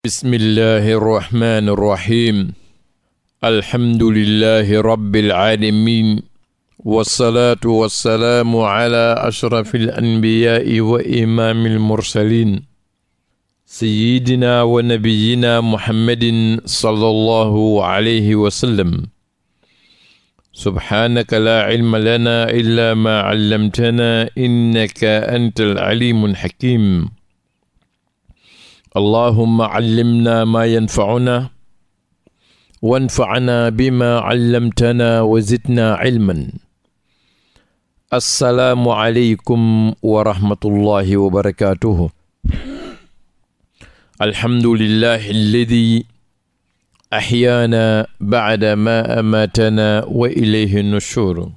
bismillahi irrahmani irrahim alhamdulillahi rabbil aalamin wassalaatu wassalaamu ala ashrafi alanbiyaai wa imaami almursalin sayidina wa nabiyina muhammadin sallallahu alayhi wa sallam subhaanaka laa cilma lana illa maa callamtana innaka anta alcalimu alxakim allahumma callimna maa yanfacunaa wanfacanaa bimaa callamtanaa wa zidnaa cilman assalaamu aleykum wa rahmatullahi wa barakaatuhu alhamdulillahi alladi axyaana bacda ma amaatanaa wa ilayhi nushur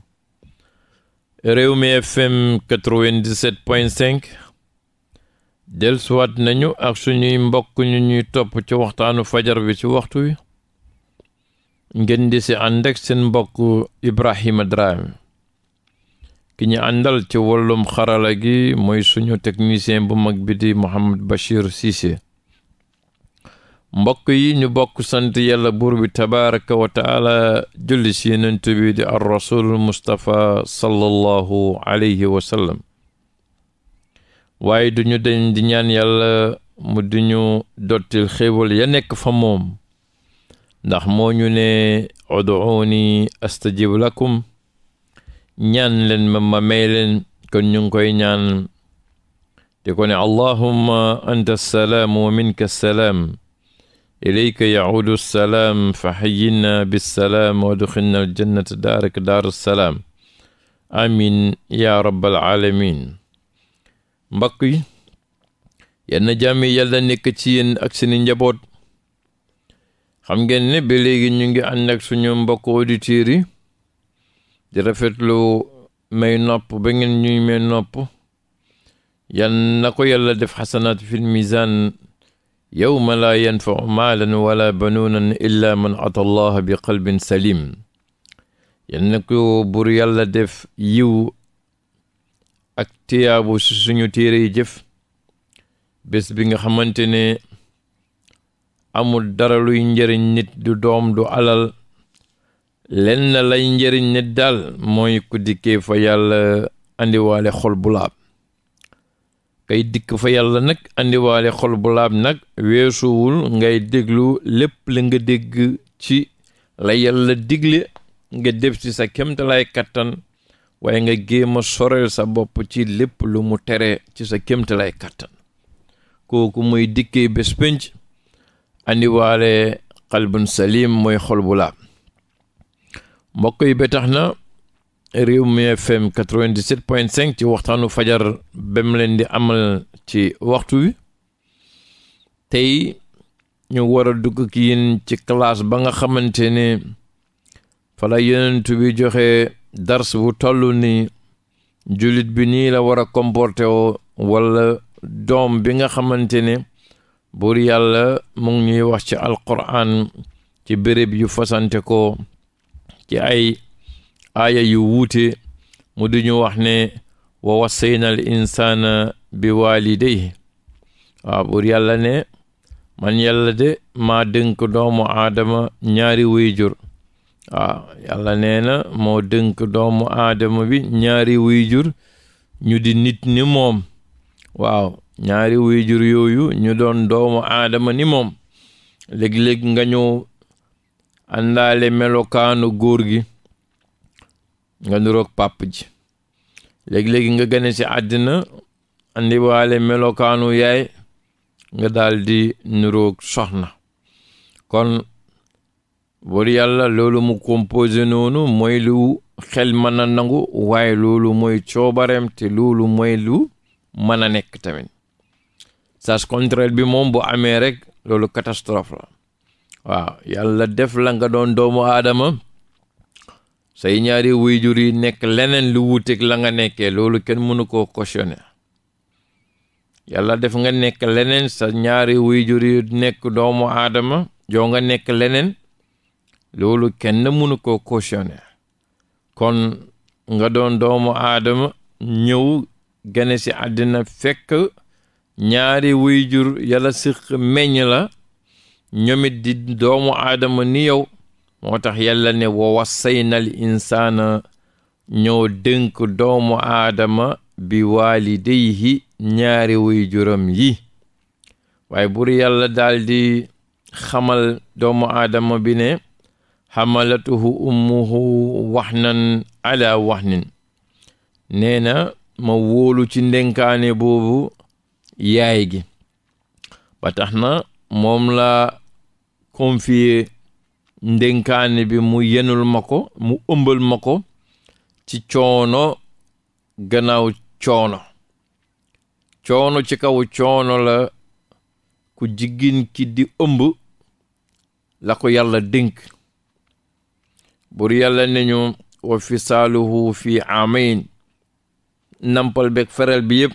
Rewmi FM 97.5 delsuwaat nañu ak suñuy mbokk ñu ñuy topp ci waxtaanu fajar bi ci waxtu wi ngeen di si ànd seen mbokku Ibrahima Drame ki ñu àndal ci wàllum xarala gi mooy suñu technicien bu mag bi di Mohamed Bachir Cissé mbokk yi ñu bokk sant yàlla buur bi tabaraka wa taala julli si yenentu bi di ar rasul Mustapha sallallahu alayhi wa waaye duñu dañ di ñaan yàlla mu duñu dottil xéewal ya nekk fa moom ndax moo ñu ne uduuni astajib lakum ñaan leen ma ma may leen kon ñu ngi koy ñaan te ko ne allahumma anta salaam wa minka salaam ilayka yacuudu salaam fa xayinna bisalaam wa adxilna aljannata daarak daaru salaam amin ya rabbal alamin mbakk yi yenn jàmm yi nekk ci yéen ak seeni njaboot xam ngeen ne ba léegi ñu ngi ànd ak suñu mbokk auditeurs yi di rafetlu may nopp ba ngeen ñuy may nopp yal na ko yàlla def xasanaat fi mizaan yawma laa yanfau maalan wala banuunan illa man ata allah bi qalbin salim yal ko bur yàlla def yiw ak tiyaabu si suñu téere jëf bés bi nga xamante ne amul dara luy njariñ nit du doom du alal lenn lay njëriñ nit daal mooy ko dikkee fa yàlla andiwaale xol bu laab kay dikk fa yàlla nag andiwaale xol bu laab nag weesuwul ngay déglu lépp li nga dégg ci la yàlla digle nga def ci sa kemtalaay kattan waaye nga géem a sorel sa bopp ci lépp lu mu tere ci sa kémtalay kàttan kooku muy dikkee bés pénc andiwaale xalbun salim mooy xol bu laab mbokk yi ba tax na Rewmi FM 97.5 ci waxtaanu fajar bem leen di amal ci waxtu wi tey ñu war a dugg ki yéen ci classe ba nga xamante ne fala yonent bi joxe dars bu toll ni jullit bi nii la war a comporté woo wala doom bi nga xamante ne buur yàlla mu ngi wax ci alquran ci béréb yu fasante ko ci ay aaya yu wuute mu du ñu wax ne wa wassayna al insaana bi waalidayhi waaw buur yàlla ne man yàlla de maa dënk doomu aadama ñaari wéyjur waaw ah, yàlla nee na moo dënk doomu aadama wi ñaari wuyjur ñu di nit ni moom waaw ñaari wuyjur yooyu ñu doon doomu aadama ni moom léeg-léeg nga ñëw àndaale melokaanu góor gi nga nuroog pàpp ji léeg-léeg nga gane ci àddina andiwaale melokaanu yaay nga daal di nuroog soxna kon buur yàlla loolu mu composé noonu mooy lu xel mën a nangu waaye loolu mooy coobareem te loolu moy lu mën a nekk tamit sas contraire bi moom bu amee rek loolu catastrophe la waaw yàlla def la nga doon doomu aadama say ñaari waajur yi nekk leneen lu wuuteeg la nga nekkee loolu kenn mënu koo cautionné yàlla def nga nekk leneen sa ñaari waajur yi nekk doomu aadama joo nga nekk leneen loolu kenn mënu ko cautionné kon nga doon doomu aadama ñëw gane ci àddina fekk ñaari wuyjur yàlla siq meññ la ñoomit di doomu aadama ni yow moo tax yàlla ne wa wassaynal insaana ñoo dënk doomu aadama bi waalidayhi ñaari wuyjuram yi waaye bur yàlla daldi xamal doomu aadama bi ne xamalatuhu ummuhu waxnan ala waxnin nee na ma wóolu ci ndenkaane boobu yaay gi ba tax na moom la confier ndenkaane bi mu yenul ma ko mu ëmbal ma ko ci coono gannaaw coono coono ci kaw coono la ku jigéen ki di ëmb la ko yàlla dénk bur yàlla nañu ñu wa fisaaluhu fi amayn nampal beg feral bi yépp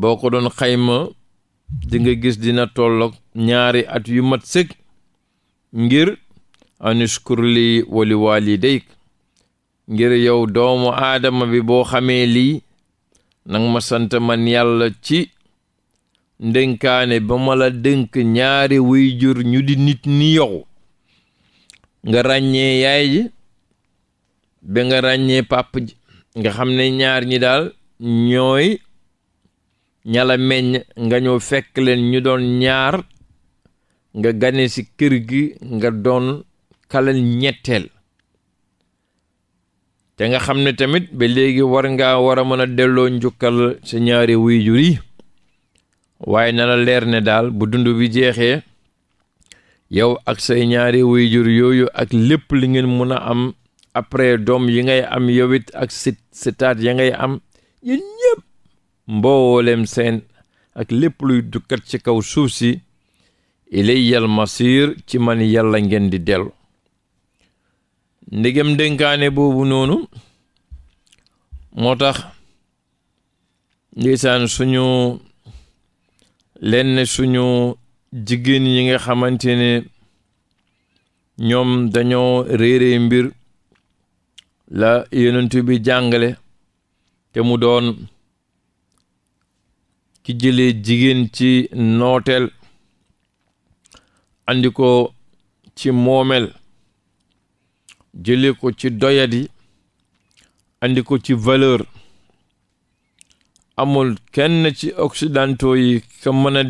boo ko doon xayma di nga gis dina tolloog ñaari at yu mat sëg ngir anushkur li wali walidayk ngir yow doomu aadama bi boo xamee lii nang ma sant man yàlla ci ndénkaane ba ma la dënk ñaari wuy jur ñu di nit ni yow nga ràññee yaay ji ba nga ràññee pàpp ji nga xam ne ñaar ñi daal ñooy ñala meñ nga ñoo fekk leen ñu doon ñaar nga gane ci kër gi nga doon kalal ñetteel te nga xam ne tamit ba léegi war ngaa war a mën a delloo njukkal sa ñaari waajur yi waaye na leer ne daal bu dund wi jeexee yow ak say ñaari wayjur yooyu ak lépp li ngeen mun a am après doom yi ngay am yowit ak sit sitaat ya ngay am yéen ñëpp mbooleem seen ak lépp luy dukkat ci kaw suuf si ilayyal masir ci man yàlla ngeen di dellu ndegem dénkaane boobu noonu moo tax ndeysaan suñu lenn suñu jigéen ñi nga xamante ne ñoom dañoo réere mbir la yonent bi jàngale te mu doon ki jëlee jigéen ci nooteel andi ci moomeel jëlee ko ci doyadi andi ko ci valeur amul kenn ci occidentaux yi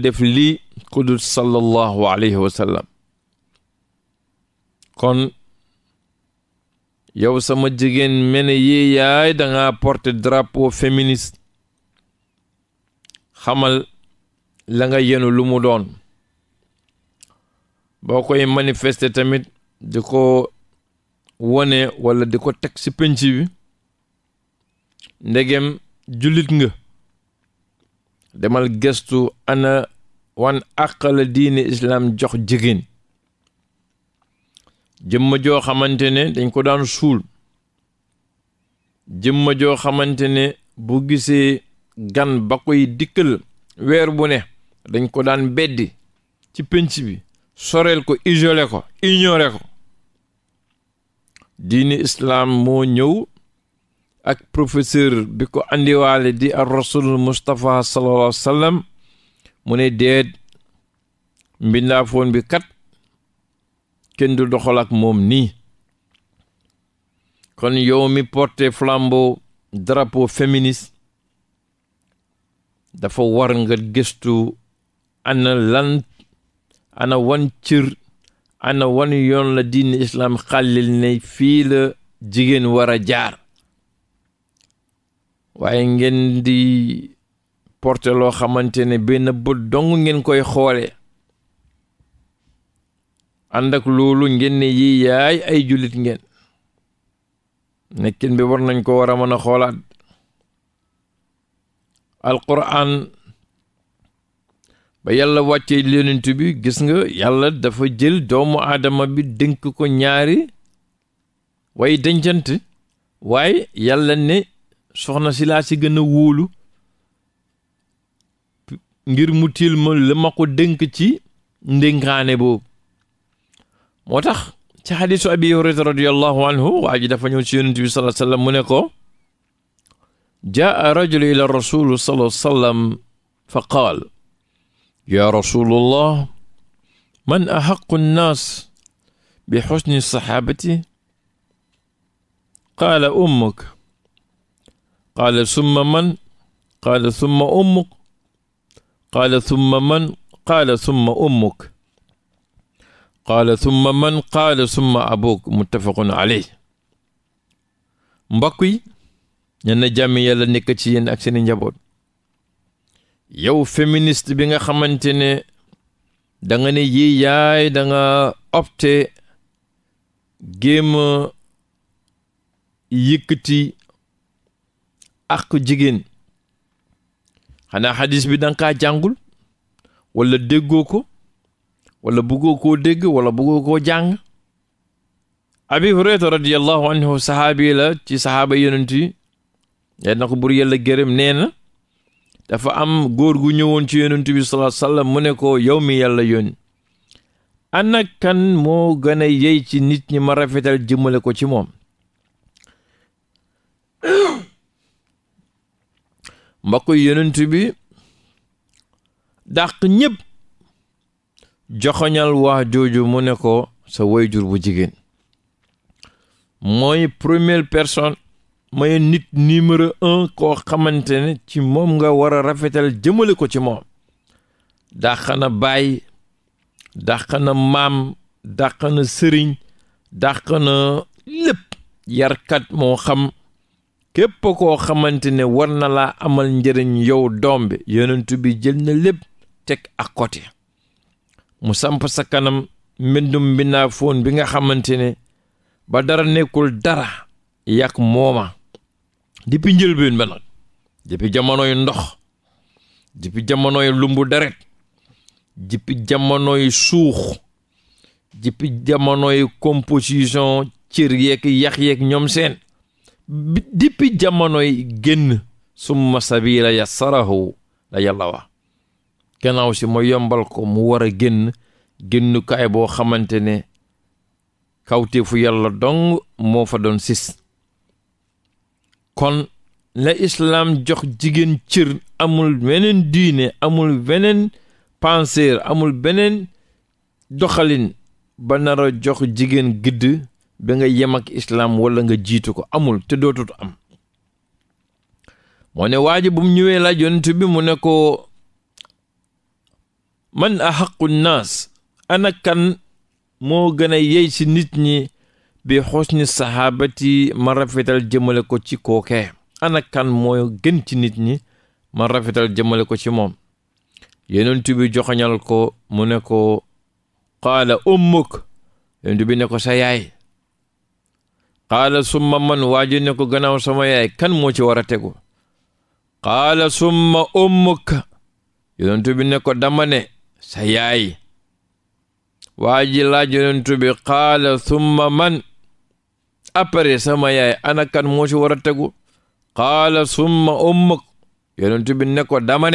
def lii kudul sallallahu alayhi kon yow sama jigéen mene yi yaay danga porter drapo féministe xamal la nga yenu lu mu doon boo koy manifeste tamit di ko wone walla di ko teg ci penc bi ndegem jullit nga demal gestu ana wan àq la diine islaam jox jigéen jëmma joo xamante ne dañ ko daan suul jëmma joo xamante ne bu gisee gan ba koy weer bu ne dañ ko daan beddi ci pénc bi soreel ko isolé ko ignoré ko diini islaam moo ñëw ak professeur bi ko andiwaale di ar rasul mustapha sallallahu mu ne déet mbindaafoon bi kat kenn du doxal ak moom ni kon yow mi porté flambeau drapeau féministe dafa war nga gëstu ana lan ana wan cër ana wan yoon la diine islaam xàllil ne fii la jigéen war a jaar waaye ngeen di porte loo xamante ne benn bët dong ngeen koy xoole àndak loolu ngeen ne yi yaay ay jullit ngeen nekkin bi war nañ ko war a mën a xoolaat alquran ba yàlla wàccee yonent bi gis nga yàlla dafa jël doomu aadama bi dénk ko ñaari way dencant waaye yàlla ne soxna si laa si gën a wóolu ngir mu tiil ma la ma ko dénk ci ndénkaane boobu moo tax ci xadisu abi hurayra radiallahu anhu waa ji dafa ñëw ci yonent bi sallallahu alayhi wasallam mu ne ko jaa rajulu ila rasulu sallallahu alayhi wasallam fa qaal yaa rasulullah man axaqu nnaas bi xusni saxaabati qaala ummuk qaala summa man qaala summa ummuk qaala summa man qaala summa ummuk qaala summa man qaala summa abuk muttafaqun alayh mbokk yi ñen na jàmm yàlla nekk ci yenn ak seeni njaboot yow féministe bi nga xamante ne danga ne yi yaay da nga opte géema yëkkati ak jigéen xanaa xadis bi danga jàngul walla déggoo ko wala bëggoo koo dégg wala buggoo koo jàng abi hurayra radiallahu anhu sahaabi la ci sahaaba yonent yi yal na ko bur yàlla gërëm nee na dafa am góor gu ñëwoon ci yonent bi sallallahu alayhi mu ne ko yow mi yàlla yónni ana kan moo gën a yey ci nit ñi ma rafetal jëmale ko ci moom mbokk yonent bi dàq ñépp joxoñal waa jooju mu ne ko sa wayjur bu jigéen mooy première personne mooy nit numéro un koo xamante ne ci moom nga war a rafetal jëmale ko ci moom dàq na baay dàq na maam dàq na sëriñ dàq na lépp yarkat moo xam képp koo xamante ne war na laa amal njëriñ yow doom bi yonent bi jël na lépp teg à côté mu sampa sa kanam mbindum bi naa foon bi nga xamante ne ba dara nekkul dara yàq mooma depuis njëlbeen ba nag depuis jamonoy ndox depuis jamonoy lumbu deret depuis jamonoy suux depuis jamonoy composition cër yeeg yax yeeg ñoom seen dippi jamonoy génn summa sabila yassarahu la yàlla wax gannaaw si ma yombal ko mu war a génn génnukaay boo xamante ne kawte fu yàlla moo fa doon sis kon la islaam jox jigéen cër amul weneen diine amul weneen penseer amul beneen doxalin ba nar jox jigéen gidd ba nga yem ak islaam wala nga jiitu ko amul te dootut am moo ne waaji bu mu ñëwee laaj bi mu ne ko man ahaqu naas ana kan moo gën a yey ci nit ñi bi xusni sahaabati ma rafetal jëmale ko ci kookee ana kan moo gën ci nit ñi ma rafetal jëmale ko ci moom yonent bi joxoñal ko mu ne ko qaala ummuk yonent bi ne ko sa yaay qaala summa man waa ji ne ko gannaaw sama yaay kan moo ci war a tegu qaala summa ummuka yonent bi ko dama ne sa yaay waa ji laaj yonent qaala summa man après sama yaay ana kan moo ci war a tegu qaala summa ummuk yonent bi ne ko dama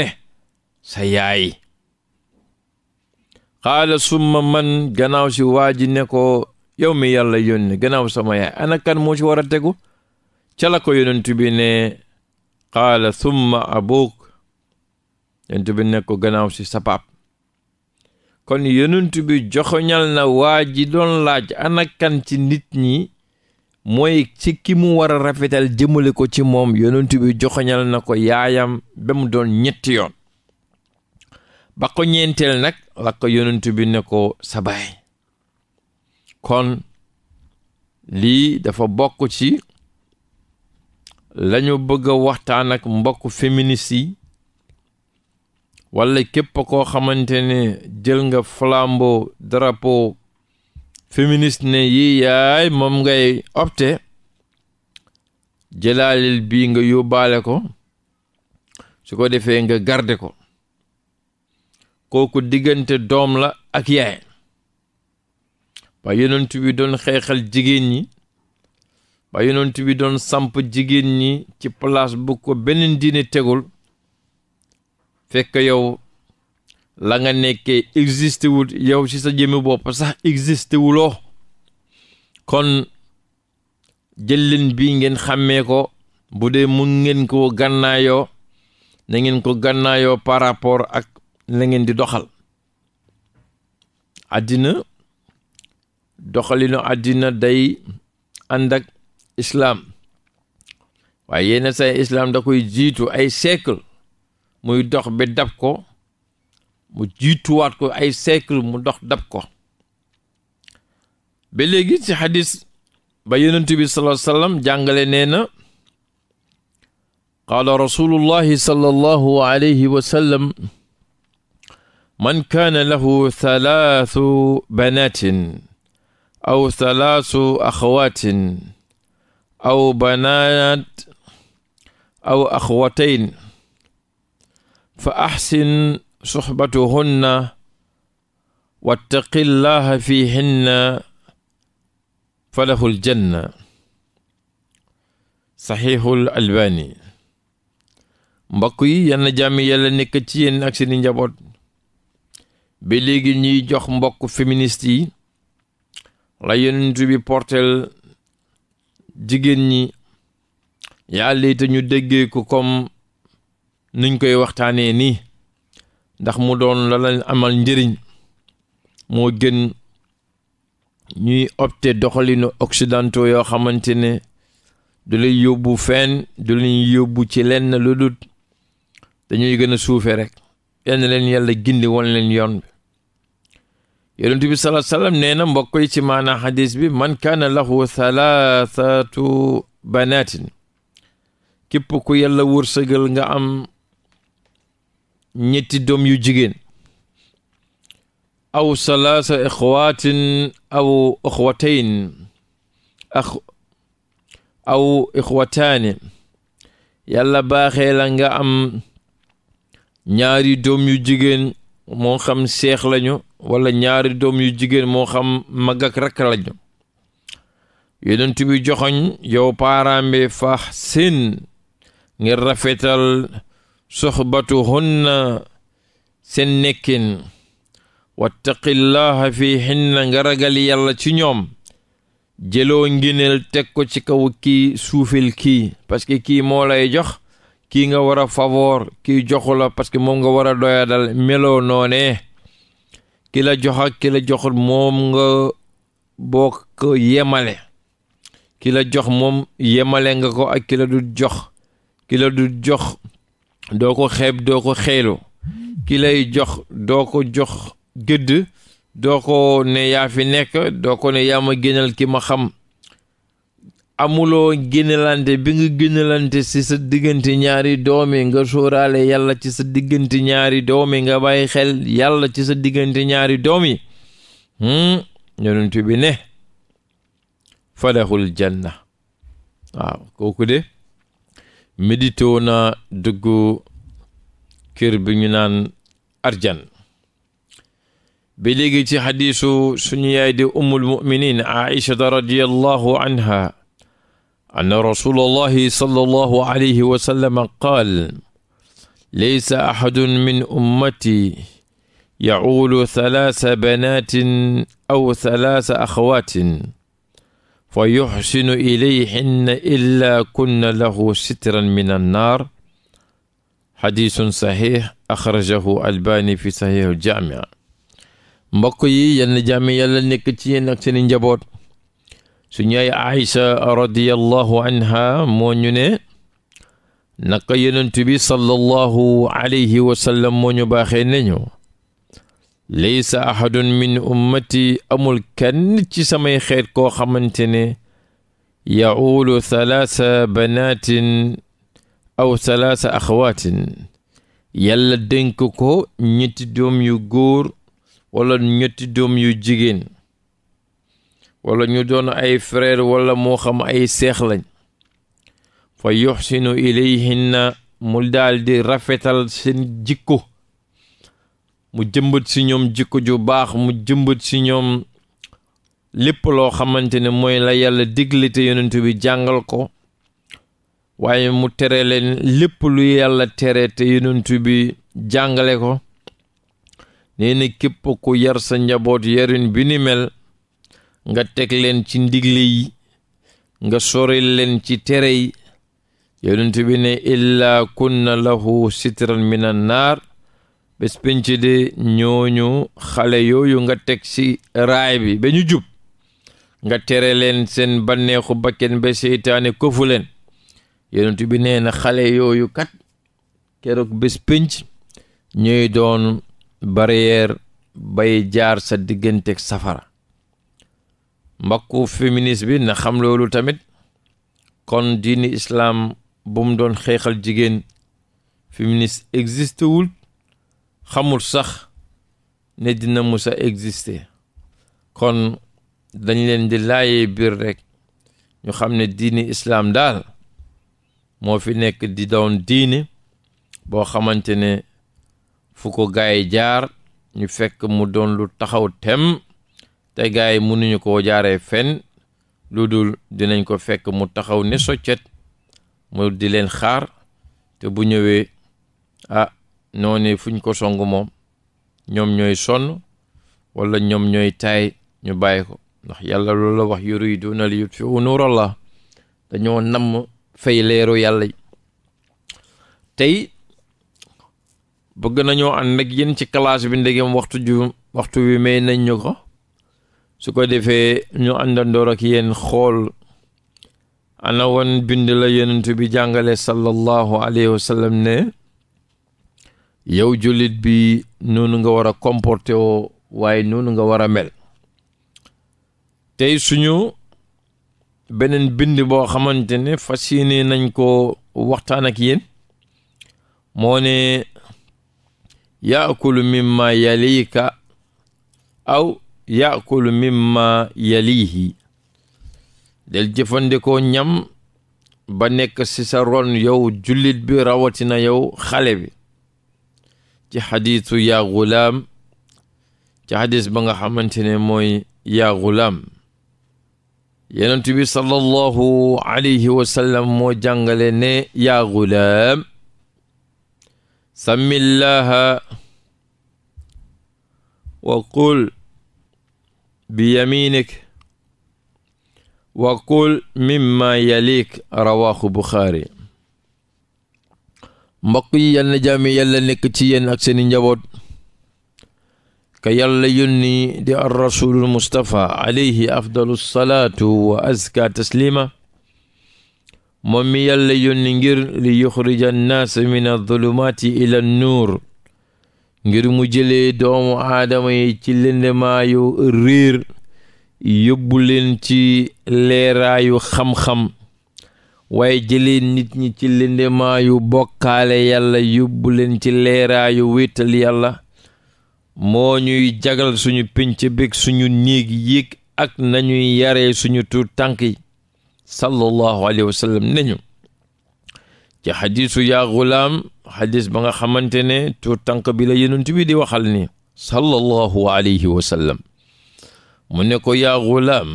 sa yaay qaala summa man gannaaw si waa ko yow mi yàlla yónni gannaaw sama yaay ana kan moo ci war a tegu ca la ko yonent bi ne qaala summa abuk yonent bi ne ko gannaaw si sa kon yonent bi joxoñal na waa ji doon laaj ana ci nit ñi mooy ci ki mu war a rafetal jëmale ko ci moom yonent bi joxoñal na ko yaayam ba mu doon ñetti yoon ba ko ñeenteel nag la ko yonent bi ne ko sa kon lii dafa bokk ci lañu bëgg a waxtaan ak mbokk féministe yi wala képp koo xamante ne jël nga flambeau drapeau féministe ne yi yaay moom ngay ofte jëlaalil bii nga yóbbaale ko su ko defee nga garde ko kooku diggante doom la ak yaay ba yonent doon xeexal jigéen ñi ba yonent doon samp jigéen ñi ci place bu ko benn diine tegul fekk yow la nga nekkee existé yow ci sa jëmmi bopp sax existé wuloo kon jëlin bi ngeen xàmmee ko bu dee mun ngeen ko gànnaayoo na ngeen ko gànnaayoo par rapport ak la ngeen di doxal doxalinu àddina day ànd ak islaam waaye yenn say islaam da koy jiitu ay siècle muy dox ba dab ko mu jiituwaat ko ay siècle mu dox dab ko ba léegi ci xadis ba yonent bi sallallahu alayhi jàngale nee na qaala rasulullahi sallallahu alayhi wa man kaan lahu thalaathu banatin aw salaasu axawaatin aw banaat aw axwatayn fa axsin suxbatuhunna wattaqillaha fihinna falahul janna saxiixul albani mbokk yi yann jàmmi yàlla nekk ci yéen ak seeni njaboot ba léegi ñuy jox mbokk féministe yi la yonent bi portel jigéen ñi yàlla te ñu déggee ko comme nuñ koy waxtaanee nii ndax mu doon la la amal njëriñ moo gën ñuy opté doxalinu occidentaux yoo xamante ne du lay yóbbu fenn du lay yóbbu ci lenn lu dut dañuy gën a suufe rek yenn leen yàlla gindi won leen yoon bi yonent bi salaa nee na mbokk yi ci maanaa xadis bi man kaana lahu thalathatu banaatin képp ku yàlla wërsëgal nga am ñetti doom yu jigéen aw salaasa ixwaatin aw ixwatayn ax aw yàlla baaxee la nga am ñaari doom yu jigéen moo xam seex lañu wala ñaari doom yu jigéen moo xam mag ak rakk lañu yonent joxoñ yow parent bi fax seen ngir rafetal soxbatuhunna seen nekkin wattaqillaha fi hinna nga ragal yàlla ci ñoom jëloo ngineel teg ko ci kaw kii suufil kii parce que kii moo lay jox kii nga war a favor kii joxu parce que moom nga war a doya dal meloo noonee ki la kilo ak joxul moom nga boo ko yemale ki jox moom yemale nga ko ak kilo du jox kilo du jox doo ko xeeb doo ko xeelu ki lay jox doo ko jox gëdd doo ko ne yaa fi nekk doo ko ne yaa ma génnal ki ma xam amuloo ginalante bi nga génnelante ci sa diggante ñaari doomi nga sóoraale yàlla ci sa diggante ñaari doomi nga bàyyi xel yàlla ci sa diggante ñaari doomi hmm? yonent bi ne fadaxul janna waaw kooku de méditoo na dugg kër bi ñu naan arjan bi léegi ci xadiisu suñu yaay di ummul muminin aishata radiallahu anha anna rasulallahi sallallahu alayhi wa sallam qaal laysa axadun min ummati yacuulu talaasa banaatin aw talaasa axawaatin fa yuxsinu ilayhinna illaa kunna lahu sitran min annaar xadiisun saxiix axrajahu albaani fi saxiixu jaamic mbokk yi yenn jaami yàlla nekk ci yéen ak seeni njaboot suñu yaay Aïcha radiyallahu anha moo ñu ne naka yonent bi sallallahu alayhi wa sallam moo ñu baaxee nañu laysa ahadun min ummati amul kenn ci samay xeet koo xamante ne yaulu thalaasa banaatin aw thalaasa axawaatin yàlla dénk ko ñetti doom yu góor wala ñetti doom yu jigéen wala ñu doon ay frère walla moo xam ay seex lañ fa yuxsinu ilayhinna mu daldi rafetal seen jikko mu jëmbët si ñoom jikko ju baax mu jëmbët si ñoom lépp loo xamante ne mooy la yàlla digle te yonent bi jàngal ko waaye mu tere leen lépp lu yàlla tere te yonent bi jàngale ko nee na képp ku yar sa njaboot yarin bi ni nga teg leen ci ndigle yi nga sori leen ci tere yi yonent bi ne illaa kunna lahu sitran min an naar bés de ñooñu xale yooyu nga teg ci raay bi ba ñu jub nga tere leen seen banneexu bakken ba seytaane kofu leen yonent bi nee na xale yooyu kat keroog bés pénc doon barrière bay jaar sa digganteeg safara mbokku féministe bi na xam loolu tamit kon diini islaam bu mu doon xeexal jigéen féministe existe wul xamul sax ne dina musa existe kon dañ leen di laayee biir rek ñu xam ne diini islaam daal moo fi nekk di doon diini boo xamante ne fu ko gaay jaar ñu fekk mu doon lu taxaw tem te gars yi mënuñu ko jaaree fenn lu dul dinañ ko fekk mu taxaw ne soccet mu di leen xaar te bu ñëwee ah noonu fuñ ko song moom ñoom ñooy sonn walla ñoom ñooy taay ñu bàyyi ko ndax yàlla loolu la wax yuriduna li yutfiu la dañoo namm fay leeru yàlla tey bëgg nañoo ànd ak yéen ci classe bi ndegem waxtu waxtu wi may nañ ñu ko su ko defee ñu àndandoor ak yéen xool ana woon bind la yonent bi jàngale sallallahu alayhi wa ne yow jullit bi noonu nga war a comporté woo waaye noonu nga war a mel tey suñu beneen bind boo xamante ne fas yéene nañ ko waxtaan ak yéen moo ne yaakulu mimma yalika aw yaakulu mimma yalihi del jëfandikoo ñam ba nekk ci sa yow jullit bi rawatina yow xale bi ci xadiisu yaa gulaam ci xadis ba nga xamante ne mooy yaa gulaam yenentu bi sallallahu alayhi wa moo jàngale ne yaa gulaam samillaha wa qul biyaminik wa kul mimma yalik rawaahu buxaari mbokk yi yal na jàmm yàlla nekk ci yéen ak seeni njaboot ka yàlla yónni di ar rasulul mustapha alayhi afdalu wa azka taslima moom mi yàlla yónni ngir li yuxrija annaasa min adulumaati ila nuur ngir mu jële doomu aadama yi ci lëndemaayu riir yóbbu leen ci leeraayu xam-xam waaye jëlee nit ñi ci lëndemaayu bokkaale yàlla yóbbu leen ci leeraayu wéetal yàlla moo ñuy jagal suñu pinc bég suñu néeg yéeg ak nañuy yare suñu tu tànk yi sallallahu alayhi sallam nañu ci xadiisu yaa gulaam xadis ba nga xamante ne tuur tànk bi la yenent bi di waxal ni sallallahu alayhi wa sallam mu ne ko yaa gulaam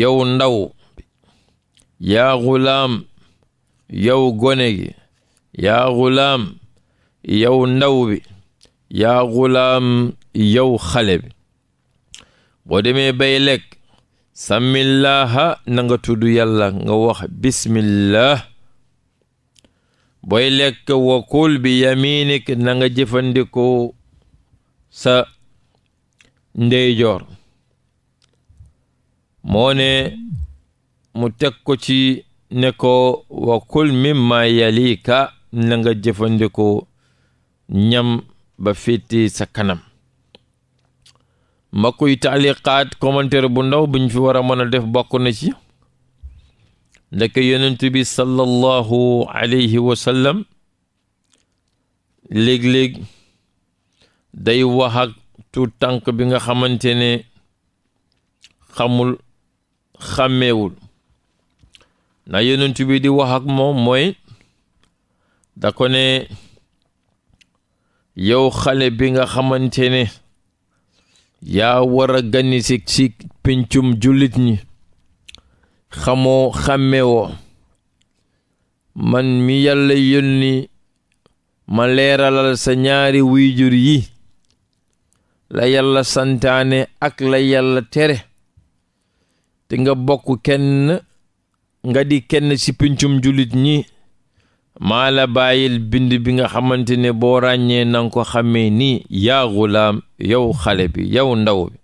yow ndaw yaa gulaam yow gone gi yaa gulaam yow ndaw bi yaa gulaam yow xale bi boo demee bay lekk sàmmillaaha na nga tudd nga wax bismillah booy lekk wakul bi yaminik na nga jëfandikoo sa ndeyjoor moo ne mu teg ko ci ne ko wakul mimma yalika na nga jëfandikoo ñam ba fétti sa kanam mbokk yi taaliqaat commentaire bu ndaw buñ fi war a mën a def bokk na ci ndaka yonent bi sallallahu alayhi wa sallam léeg-léeg day wax tu tuut tànk bi nga xamante ne xamul xàmmeewul na yonent bi di wax ak moom mooy da ko ne yow xale bi nga xamante ne yaa wara ganni gani si si pencum jullit ñi xamoo xàmmewoo man mi yàlla yónni ma leeralal sa ñaari wuyjur yi la yàlla santaane ak la yàlla tere te nga bokk kenn nga di kenn ci pincum jullit ñi maa la bàyyil bind bi nga xamante ne boo ràññee nanga ko xamee ni yaa gulaam yow xale bi yow ndaw bi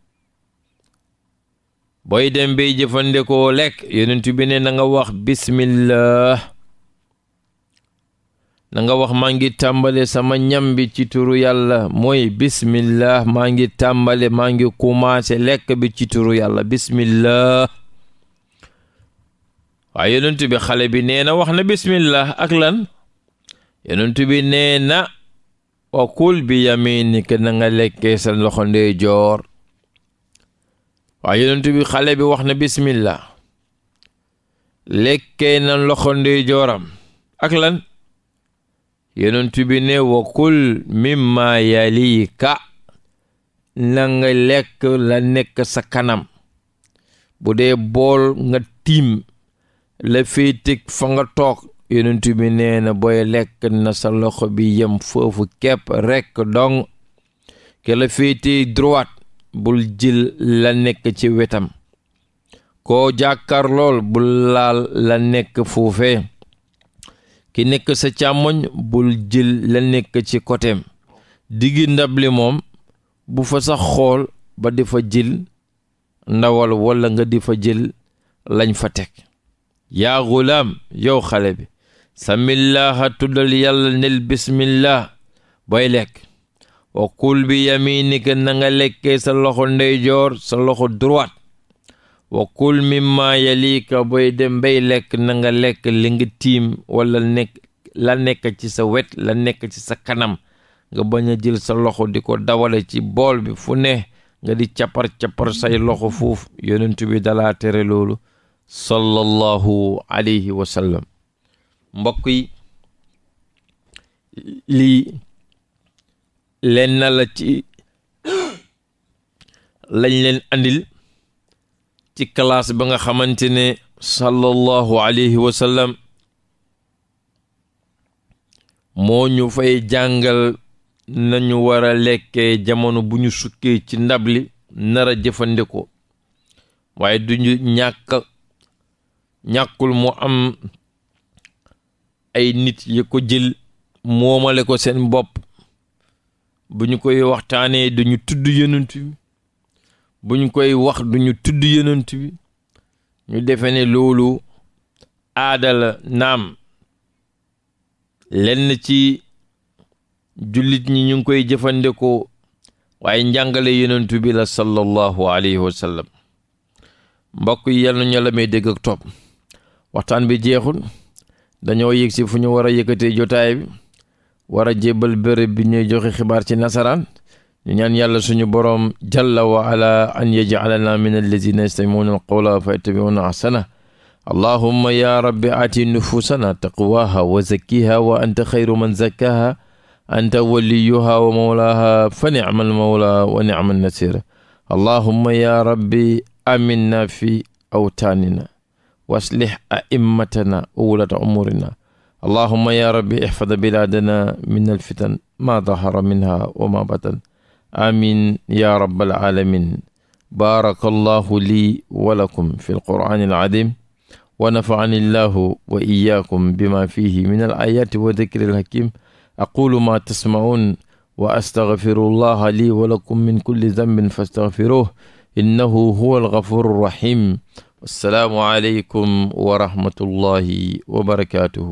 booy dem bay jëfandikoo lekk yonent bi ne nanga wax bismillah na wax maa ngi tàmbale sama ñam bi ci turu yàlla mooy bismillah maa ngi tàmbale maa ngi commencé lekk bi ci turu yàlla bismillah waaye yonent bi xale bi nee na wax na bismillah ak lan yonent bi ne na wa kul bi yaminika na nga lekkee sa loxo ndeyjoor waaye yonent bi xale bi wax na bismillah lekkee na loxo ndeyjooram ak lan yonent bi ne wa kul mimma yalika na nga lekk la nekk sa kanam bu dee bool nga tiim la féeteg fa nga toog yonent bi nee na booy lekk na sa loxo bi yem foofu kepp rekk dong ke la féetee droite bul jil la nekk ci wetam koo jàkkaar lool laal la nekk foofee ki nekk sa càmmoñ bul jil la nekk ci koteem diggi ndab li moom bu fa sax xool ba di fa jël ndawal walla nga di fa jël lañ fa teg yaa gulaam yow xale bi samillaha tuddal yàlla nel bismillah booy lekk wa kul bi yaminika na nga lekkee sa loxo ndeyjoor sa loxo droite wa kul mimma yalika booy dem bay lekk nanga lekk li nga tiim wala nekk la nekk ci sa wet la nekk ci sa kanam nga bañ a jël sa loxo di ko dawale ci bool bi fu ne nga di capar-capar say loxo foofu yonent bi dalaa tere loolu sallallahu alayhi wa sallam mbokk yi lii leen na ci lañ leen andil ci kalaas ba nga xamante ne sallallahu alayhi wa moo ñu fay jàngal nañu war a lekkee jamono bu ñu sukkee ci ndab li nar jëfandikoo waaye duñu ñàkk ñàkkul mu am ay nit yi ko jël moomale ko seen bopp bu ñu koy waxtaanee duñu tudd yonent bi bu ñu koy wax duñu tudd yonent bi ñu defe ne loolu aada naam lenn ci jullit ñi ñu ngi koy jëfandikoo waaye njàngale yonent bi la sallallahu alayhi wa mbokk yi yal nañu la may dégg ak topp waxtaan bi jeexul dañoo yëg si fu ñu war a yëkkatee jotaay bi war a jébbal bërëb bi ñuy joxe xibaar ci nasaraan ñu ñaan yàlla suñu boroom jalla wa ala an yaj'alana min allazina yastami'una alqawla fa yattabi'una ahsana allahumma ya rabbi aati nufusana taqwaha wa zakkiha wa anta xayru man zakkaha anta waliyuha wa mawlaha fa ni'mal mawla wa ni'mal nasir allahumma ya rabbi aminna fi awtanina waslih a'immatana wa wulata umurina allahuma ya rabbi ihfad bilaadana min alfitan maa dahara minha wa ma batan amin ya rabbal alamin baaraka allahu lii wa lakum fi alqur'ani aladim wa nafa'ani allahu wa iyaakum bima fihi min alayaati wa dikri alhakim aqulu ma tasma'un wa astaghfiru allaha lii wa lakum min kulli dambin fastaghfiruh innahu huwa alghafuru rahim assalaamu aleykum wa rahmatullahi wa barakatuhu